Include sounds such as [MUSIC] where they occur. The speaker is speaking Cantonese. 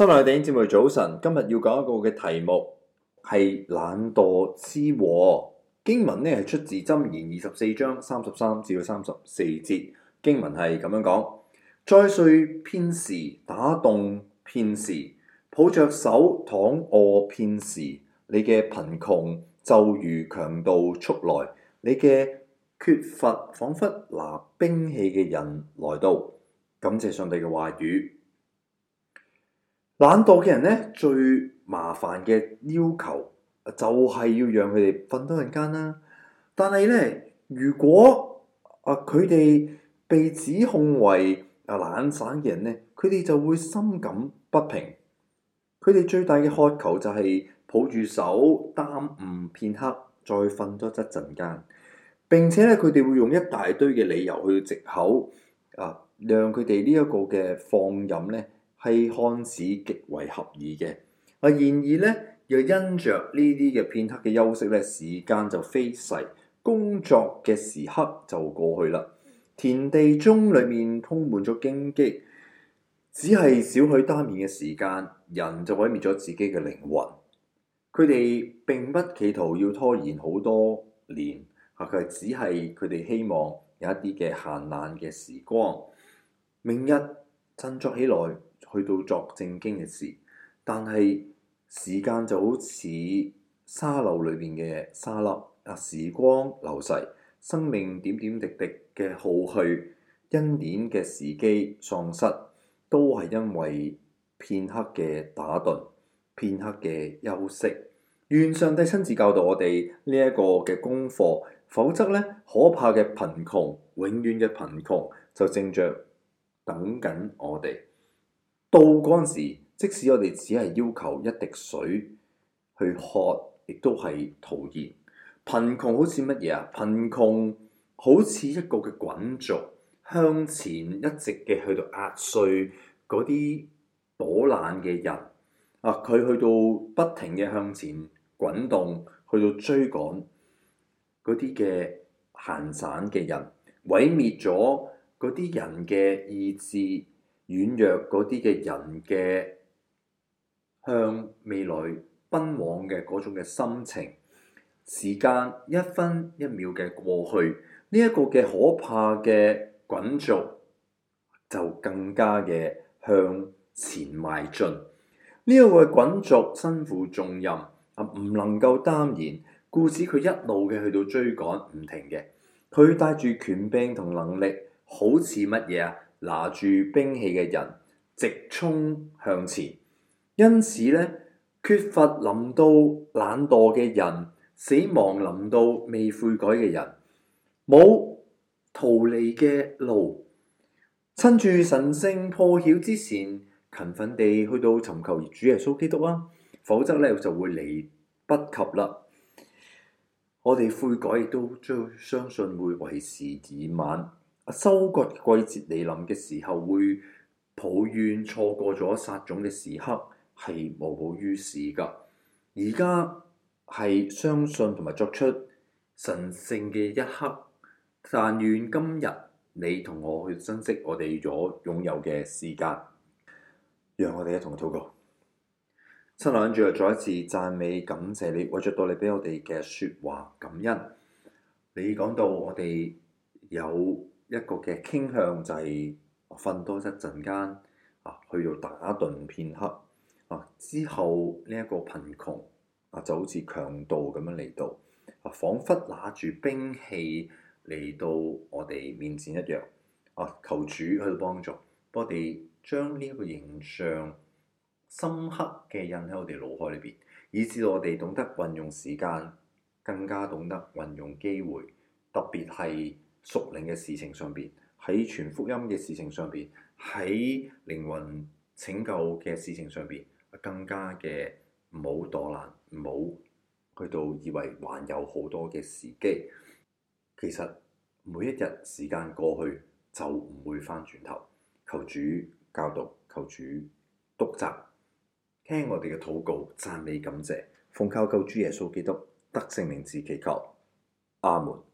親愛的弟兄姊妹，早晨，今日要講一個嘅題目係懶惰之禍。經文呢係出自箴言二十四章三十三至到三十四節，經文係咁樣講：再睡 [NOISE] 片時打盹片時，抱着手躺臥片時，你嘅貧窮就如強盜速來，你嘅缺乏仿佛拿兵器嘅人來到。感謝上帝嘅話語。懶惰嘅人咧，最麻煩嘅要求就係要讓佢哋瞓多陣間啦。但係咧，如果啊佢哋被指控為啊懶散嘅人咧，佢哋就會心感不平。佢哋最大嘅渴求就係抱住手耽誤片刻，再瞓多一陣間，並且咧佢哋會用一大堆嘅理由去藉口啊，讓佢哋呢一個嘅放任咧。係看似極為合宜嘅。啊，然而呢，又因着呢啲嘅片刻嘅休息，呢時間就飛逝，工作嘅時刻就過去啦。田地中裏面充滿咗荊棘，只係少許耽延嘅時間，人就毀滅咗自己嘅靈魂。佢哋並不企圖要拖延好多年，啊！佢只係佢哋希望有一啲嘅閒懶嘅時光，明日振作起來。去到作正經嘅事，但係時間就好似沙漏裏面嘅沙粒，啊，時光流逝，生命點點滴滴嘅耗去，恩典嘅時機喪失，都係因為片刻嘅打盹，片刻嘅休息。願上帝親自教導我哋呢一個嘅功課，否則呢，可怕嘅貧窮，永遠嘅貧窮就正着等緊我哋。到嗰陣時，即使我哋只係要求一滴水去喝，亦都係徒然。貧窮好似乜嘢啊？貧窮好似一個嘅滾軸向前一直嘅去到壓碎嗰啲怠惰嘅人啊！佢去到不停嘅向前滾動，去到追趕嗰啲嘅閒散嘅人，毀滅咗嗰啲人嘅意志。軟弱嗰啲嘅人嘅向未來奔往嘅嗰種嘅心情，時間一分一秒嘅過去，呢一個嘅可怕嘅滾軸就更加嘅向前邁進。呢一個滾軸身負重任啊，唔能夠耽延，故此佢一路嘅去到追趕唔停嘅，佢帶住權柄同能力，好似乜嘢啊？拿住兵器嘅人直衝向前，因此咧缺乏臨到懶惰嘅人，死亡臨到未悔改嘅人，冇逃離嘅路，趁住神聖破曉之前，勤奮地去到尋求主耶穌基督啦、啊，否則咧就會來不及啦。我哋悔改亦都將相信會為時已晚。收割季節嚟臨嘅時候，會抱怨錯過咗撒種嘅時刻，係無補於事噶。而家係相信同埋作出神聖嘅一刻，但願今日你同我去珍惜我哋所擁有嘅時間，讓我哋一同去禱告。親愛嘅主，再一次讚美感謝你，為著到你俾我哋嘅説話感恩。你講到我哋有，一個嘅傾向就係瞓多一陣間啊，去到打盹片刻啊，之後呢一個貧窮啊，就好似強盜咁樣嚟到啊，彷彿拿住兵器嚟到我哋面前一樣啊，求主去幫助，我哋將呢個形象深刻嘅印喺我哋腦海裏邊，以致我哋懂得運用時間，更加懂得運用機會，特別係屬靈嘅事情上邊，喺全福音嘅事情上邊，喺靈魂拯救嘅事情上邊，更加嘅唔好躲懶，唔好去到以為還有好多嘅時機。其實每一日時間過去就唔會翻轉頭。求主教導，求主督責，聽我哋嘅禱告，讚美感謝，奉靠救主耶穌基督得勝名字祈求，阿門。